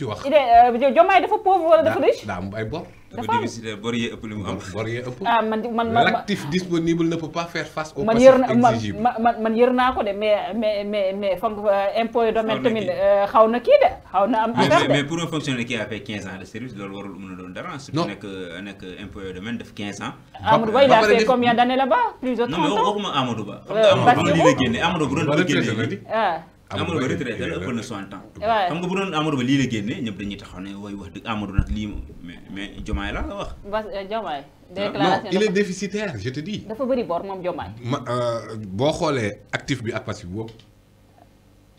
tu wax euh, Diomaye dafa pauvre wala dafa riche. daa am ay bor. dafa am bor yee ëpp li mu am bor yee ëpp. ah man man man l'actif disponible ne peut pas faire face xaw na kii de. xaw na am affaire de mais pour un fonctionnaire qui a fait ans de service loolu warul mën a doon dara. non surtout nekk nekk impôt yi domaine def 15 ans. Amadou Ba il a fait combien d'années là-bas plus Ba. Euh, ba lii la génne Amadou bu doon génne. Amadou Ba retraité la ëpp na 60 ans. xam nga bu doon Amadou Ba lii la génnee ñëpp dañuy taxaw ne way wax dëgg Amadou nag lii mais mais Diomaye la wax. Bas euh, Diomaye. Ah. déclaration non il est déficitaire je te dis. dafa bëri bor moom Diomaye. ma euh, boo xoolee actif bi ak passif boobu.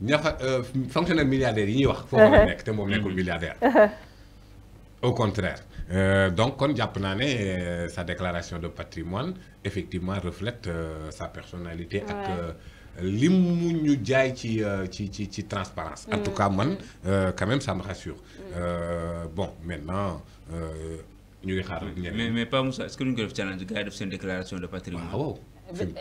Il euh, fonctionnaire milliardaire, yi ñuy wax. milliardaire. au contraire euh, donc quand jàpp naa euh, sa déclaration de patrimoine effectivement reflète sa personnalité. ak l'immunité qui ñu jaay ci transparence en tout mmh. cas man quand même ça me rassure. Mmh. bon maintenant. ñu ngi xaar mais mais pas est-ce que ñu ko def challenge gars déclaration de patrimoine.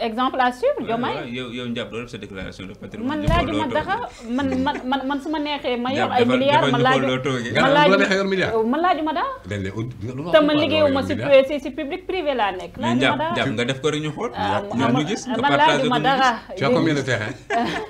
exemple à suivre Diomaye yow yow njàpp loolu sa déclaration de patrimoine man laaju ma dara man man man su ma neexee ma yor ay milliards ma laaju ma laaju ma laaju ma dara te ma liggéeyu ma si si public privé laa nekk laaju ma dara njàpp nga def ko rek ñu xool ah, ñu gis nga partage ma dara tu as combien de terrain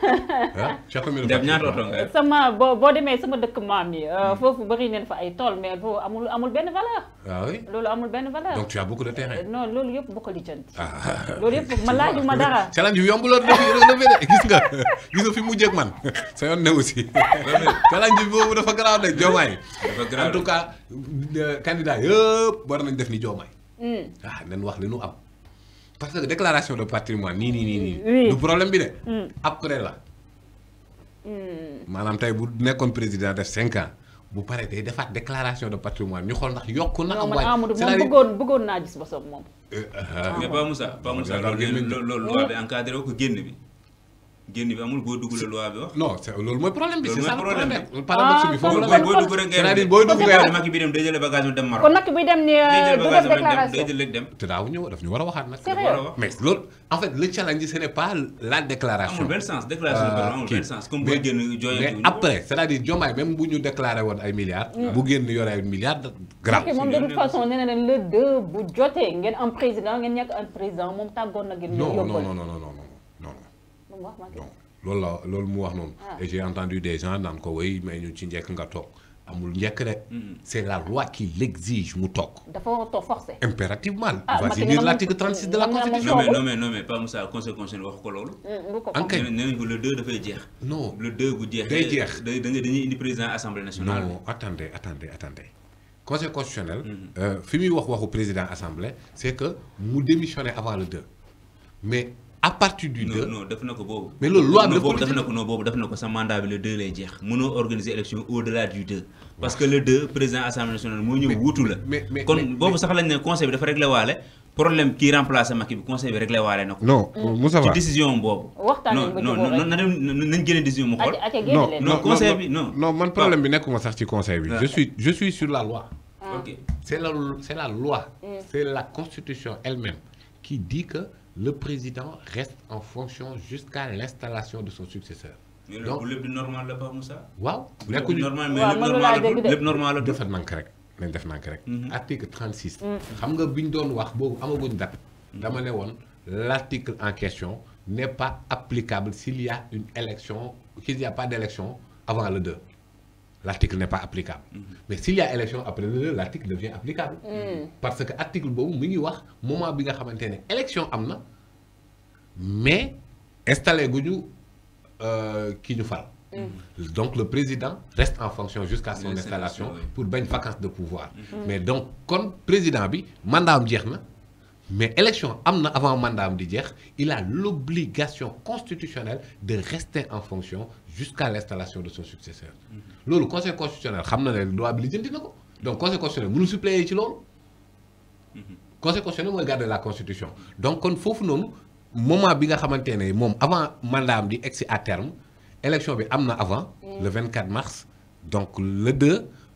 tu as combien de ñaata oto nga sama boo boo demee sama dëkk maam yi euh, hmm. foofu bëri neen fa ay tool mais foofu amul amul benn valeur ah oui loolu amul benn valeur donc tu as beaucoup de terrain euh, non loolu yëpp laaju ma dara salam ji yomb loon dafi dafi de gis nga gis fi mu jëg man sa yoon ne aussi salam ji boobu dafa garaaw de joomaay en tout cas candidat yëpp war nañ def ni joomaay ah nañ wax li nu am parce que déclaration de patrimoine du problème bi de après la bu président def ans bu paree day defaat déclaration de patrimoine ñu xool ndax yokku na. am waaye c' est à dire bëggoon bëggoon naa gis bosam moom. mais Ba Moussa Ba Moussa loolu loolu loi bi encadré ko génn bi. génn bi amul boo dugg la loi bi wax. non loolu mooy problème bi. loolu mooy problème bi paradoxe bi ah, foofu bi dem day jël bagage bi dem ni euh, du a bi euh, amul mm. moom de le deux bu jotee ngeen am président ngeen ñàkk am président moom tàggoon na ngeen. non non non non Non, loolu ah. et j'ai entendu des gens dans le mais mm. c'est la loi qui l'exige mu impérativement. ah l'article 36 de la constitution. non mais non non pas conseil mm, le 2 non non attendez attendez attendez conseil constitutionnel. Mm-hmm. Euh, fi wax président assemblée. c'est que nous démissionner avant le 2 mais à partir du 2 non def na ko mais loolu loi de politique non boobu def sa mandat bi le 2 lay jeex. mënoo organiser élection au delà du 2. parce que le 2 président assemblée nationale mo ñëw wuutu la. kon bobu sax lañ né conseil bi dafa régler walé problème qui remplacé Macky bi conseil bi régler walé nako non mm. Moussa ci décision boobu. waxtaanee non non nañ gëné décision mu xol non non conseil bi non. non man problème bi nekkuma sax ci conseil bi. Ah. je suis je suis sur la loi. Ah. ok c'est la c'est la loi. Mm. c'est la constitution elle-même qui dit que le président reste en fonction jusqu'à l'installation de son successeur. mais le lépp normal là ba Moussa. Waouh. Le normal mais le normal Le lépp normal la. defal correct. rek le mhm. article 36. Mhm. xam nga bi doon wax boobu amaguñ dama en question n'est pas applicable s'il y a une élection ou s'il a pas d'élection avant le 2 l'article n'est pas applicable. Mais s'il y a élection après l'article devient applicable. Hmm. Parce que l'article, il y moment où il y a élection, mais installé euh, qui nous fait. Hmm. Donc le président reste en fonction jusqu'à son installation pour une vacance de pouvoir. Hmm. Mais donc, comme président, le mandat est mais élection avant le avant mandat am il a l'obligation constitutionnelle de rester en fonction jusqu'à l'installation de son successeur mhm. le conseil constitutionnel il doit ne loi bi lijjanti na donc donc conseil constitutionnel vous suppléer ci mhm. conseil constitutionnel regarde garder la constitution donc il que nous, moment bi nga xamante le avant mandat am à terme l'élection bi avant mm. le 24 mars donc le 2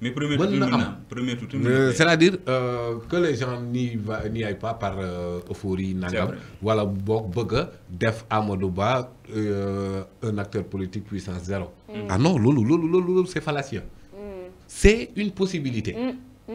Mais premier tout premier C'est-à-dire euh, que les gens n'y, aillent pas par euh, euphorie, pas Voilà, Bok Boga, Def Amadouba, euh, un acteur politique puissance zéro. Mm. Ah non, loulou, loulou, c'est fallacieux. Mm. C'est une possibilité. Mm,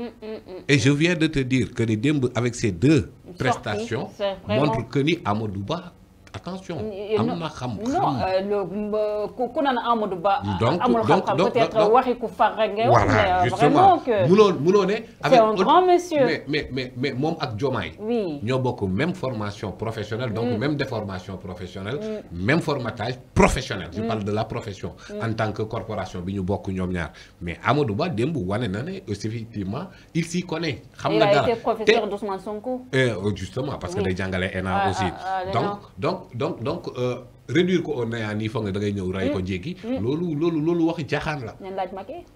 Et je viens de te dire que les deux avec ces deux prestations, montrent que ni Amadouba attention am non euh, le... Euh, naan Amadou Ba. donc amul xam peut-être waxi ku far rek ngay voilà euh, c'est un grand monsieur mais mais mais mais ak oui ñoo bokk même formation professionnelle. donc mm. même déformation professionnelle. Mm. même formatage professionnel. je mm. parle de la profession. en tant que corporation bi beaucoup bokk mais Amadou Ba effectivement il s'y connaît. il a été professeur d'Ousmane Sonko. Eh, oh, justement parce que des jàngale ENA ah, aussi ah, ah, donc donc. donc donc donc euh, réduire ko au néant nii foog nga da ngay ñëw ray ko mm. jéggi. Mm. loolu loolu loolu waxi caaxaan la.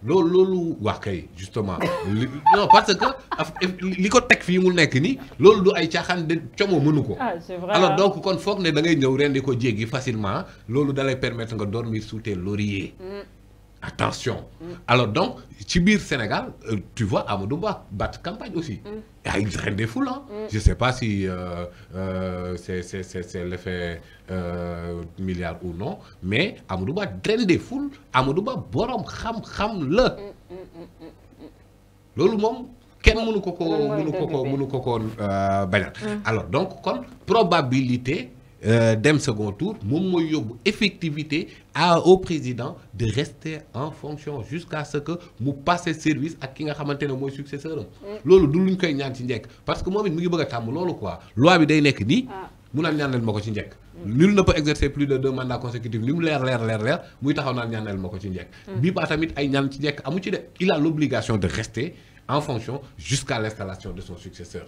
loolu loolu wax kay justement non parce que li ko teg fii mu nekk nii loolu du ay caaxaan de como mënu ko. Ah, alors donc kon foog ne da ngay ñëw rendi ko jéggi facilement loolu dalay permettre nga dormir sous tes lauriers. Mm. Attention. Alors donc, chibir Sénégal, euh, tu vois Amoudouba, bat campagne aussi. Mm. Ah, il draine des foules. Hein. Mm. Je ne sais pas si euh, euh, c'est l'effet milliard ou non, mais Amoudouba, draine des foules. Amadou borom kham kham le. Lolo mom, ken mounou koko, mounou koko, Alors donc, comme probabilité euh, dem second tour mom moy yóbbu effectivité à au président de rester en fonction jusqu'à ce que mu passer service ak ki nga xamantene moy successeur lolu mm. loolu du luñ koy ñaan ci njëkk parce que momit mu ngi bëgg tam lolu quoi loi bi day nekk ni ah. mu naan ñaanal ma ci njëkk mm. nul ne peut exercer plus de deux mandats consécutifs li leer leer leer leer muy taxaw naan ñaanal mako ci njëkk mm. bi ba tamit ay ñaan ci njëkk amu ci de il a l'obligation de rester en fonction jusqu'à l'installation de son successeur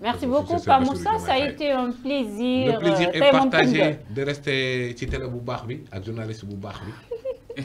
Merci beaucoup, Pamoussa. Ça a été un plaisir. Le plaisir euh, est partagé de rester à télé bu à journaliste bu